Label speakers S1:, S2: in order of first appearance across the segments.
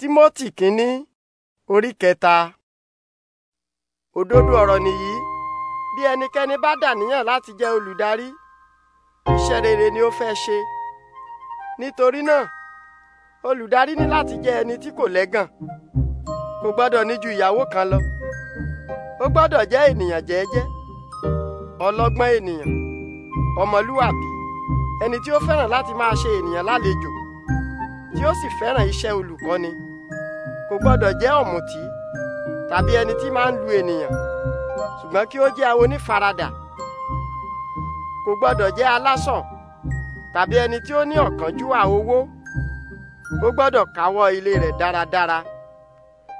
S1: Timoti kínní orí kẹta. Òdodo ọ̀rọ̀ nìyí bí ẹnikẹ́ni bá dàníyàn láti jẹ́ olùdarí iṣẹ́ rere ni ó fẹ́ ṣe. Nítorí náà olùdarí ní láti jẹ́ ẹni tí kò lẹ́gàn kò gbọ́dọ̀ ní ju ìyàwó kan lọ ó gbọ́dọ̀ jẹ́ ènìyàn jẹ́ẹ́jẹ́ ọlọ́gbọ́n ènìyàn ọmọlúwàbí ẹni tí ó fẹ́ràn láti máa ṣe ènìyàn lálejò tí ó sì fẹ́ràn iṣẹ́ olùkọ́ni kò gbọ́dọ̀ jẹ́ ọ̀mùtí tàbí ẹni tí máa ń lu ènìyàn ṣùgbọ́n kí ó jẹ́ onífaradà kò gbọ́dọ̀ jẹ́ alásọ̀ tàbí ẹni tí ó ní ọ̀kánjúwà owó ó gbọ́dọ̀ káwọ́ ilé rẹ̀ dáradára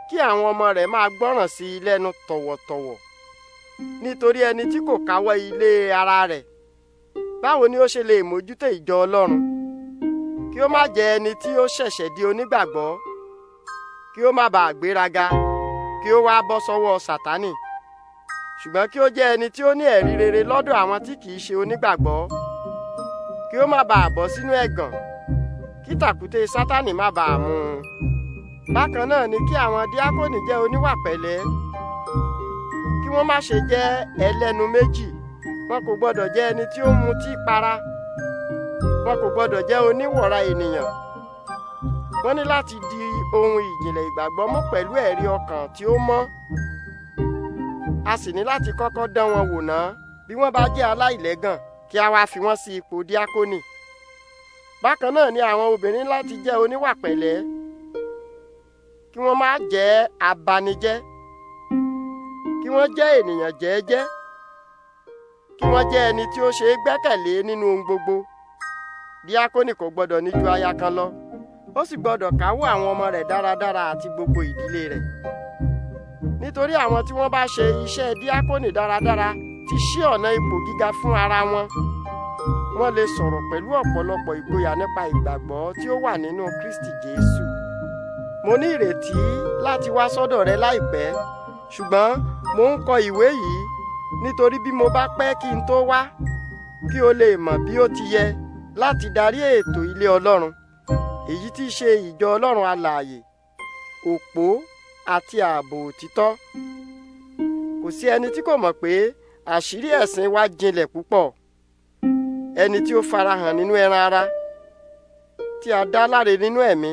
S1: kí àwọn ọmọ rẹ̀ máa gbọ́ràn sí i lẹ́nu tọ̀wọ̀tọ̀wọ̀ nítorí ẹni tí kò káwọ́ ilé ara rẹ̀ báwo ni ó ṣe lè mójútó ìjọ Ọlọ́run kí ó má jẹ́ ẹni tí ó ṣẹ̀ṣẹ̀ di onígbàgbọ́ kí ó má bàa gbéraga kí ó wá bọ́ sọ́wọ́ Sátánì ṣùgbọ́n kí ó jẹ́ ẹni tí ó ní ẹ̀rí rere lọ́dọ̀ àwọn tí kìí ṣe onígbàgbọ́ kí ó má bàa bọ́ sínú ẹ̀gàn kí tàkúté Sátánì má bàa mú un bákan náà ni kí àwọn díákónì jẹ́ oníwà pẹ̀lẹ́ kí wọ́n má ṣe jẹ́ ẹlẹ́nu méjì wọn kò gbọ́dọ̀ jẹ́ ẹni tí ó mutí para wọn kò gbọ́dọ̀ jẹ́ oníwọ̀ra ènìyàn wọ́n ní láti di ohun ìjìnlẹ̀ ìgbàgbọ́ mú pẹ̀lú ẹ̀rí ọkàn tí ó mọ́ a sì ní láti kọ́kọ́ dán wọn wò ná bí wọ́n bá jẹ́ aláìlẹ́gàn kí a wá fi wọ́n sí ipò díákónì bákan náà ni àwọn obìnrin láti jẹ́ oníwà pẹ̀lẹ́ kí wọ́n má jẹ́ abanijẹ́ kí wọ́n jẹ́ ènìyàn jẹ́ẹ́jẹ́ kí wọ́n jẹ́ ẹni tí ó ṣe é gbẹ́kẹ̀lé nínú ohun gbogbo díákónì kò gbọ́dọ̀ ní aya kan lọ ó sì gbọdọ̀ káwọ́ àwọn ọmọ rẹ̀ dáradára àti gbogbo ìdílé rẹ̀ nítorí àwọn tí wọ́n bá ṣe iṣẹ́ díákónì dáradára ti ṣí ọ̀nà ipò gíga fún ara wọn wọ́n lè sọ̀rọ̀ pẹ̀lú ọ̀pọ̀lọpọ̀ ìgboyà nípa ìgbàgbọ́ tí ó wà nínú Kristi Jésù mo ní ìrètí láti wá sọ́dọ̀ rẹ láìpẹ́ ṣùgbọ́n mo ń kọ ìwé yìí nítorí bí mo bá pẹ́ kí n tó wá kí o lè mọ̀ bí ó ti yẹ láti darí ètò ilé Ọlọ́run èyí tí í ṣe ìjọ ọlọ́run alààyè òpó àti ààbò òtítọ́ kò sí ẹni tí kò mọ̀ pé àṣírí ẹ̀sìn wa jinlẹ̀ púpọ̀ ẹni tí ó farahàn nínú ẹran ara tí a dá láre nínú ẹ̀mí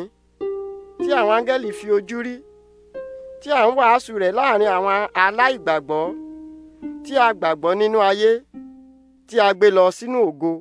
S1: tí àwọn áńgẹ́lì fi ojú rí tí à ń wàásù rẹ̀ láàrin àwọn aláìgbàgbọ́ tí a gbàgbọ́ nínú ayé tí a gbé lọ sínú ògo.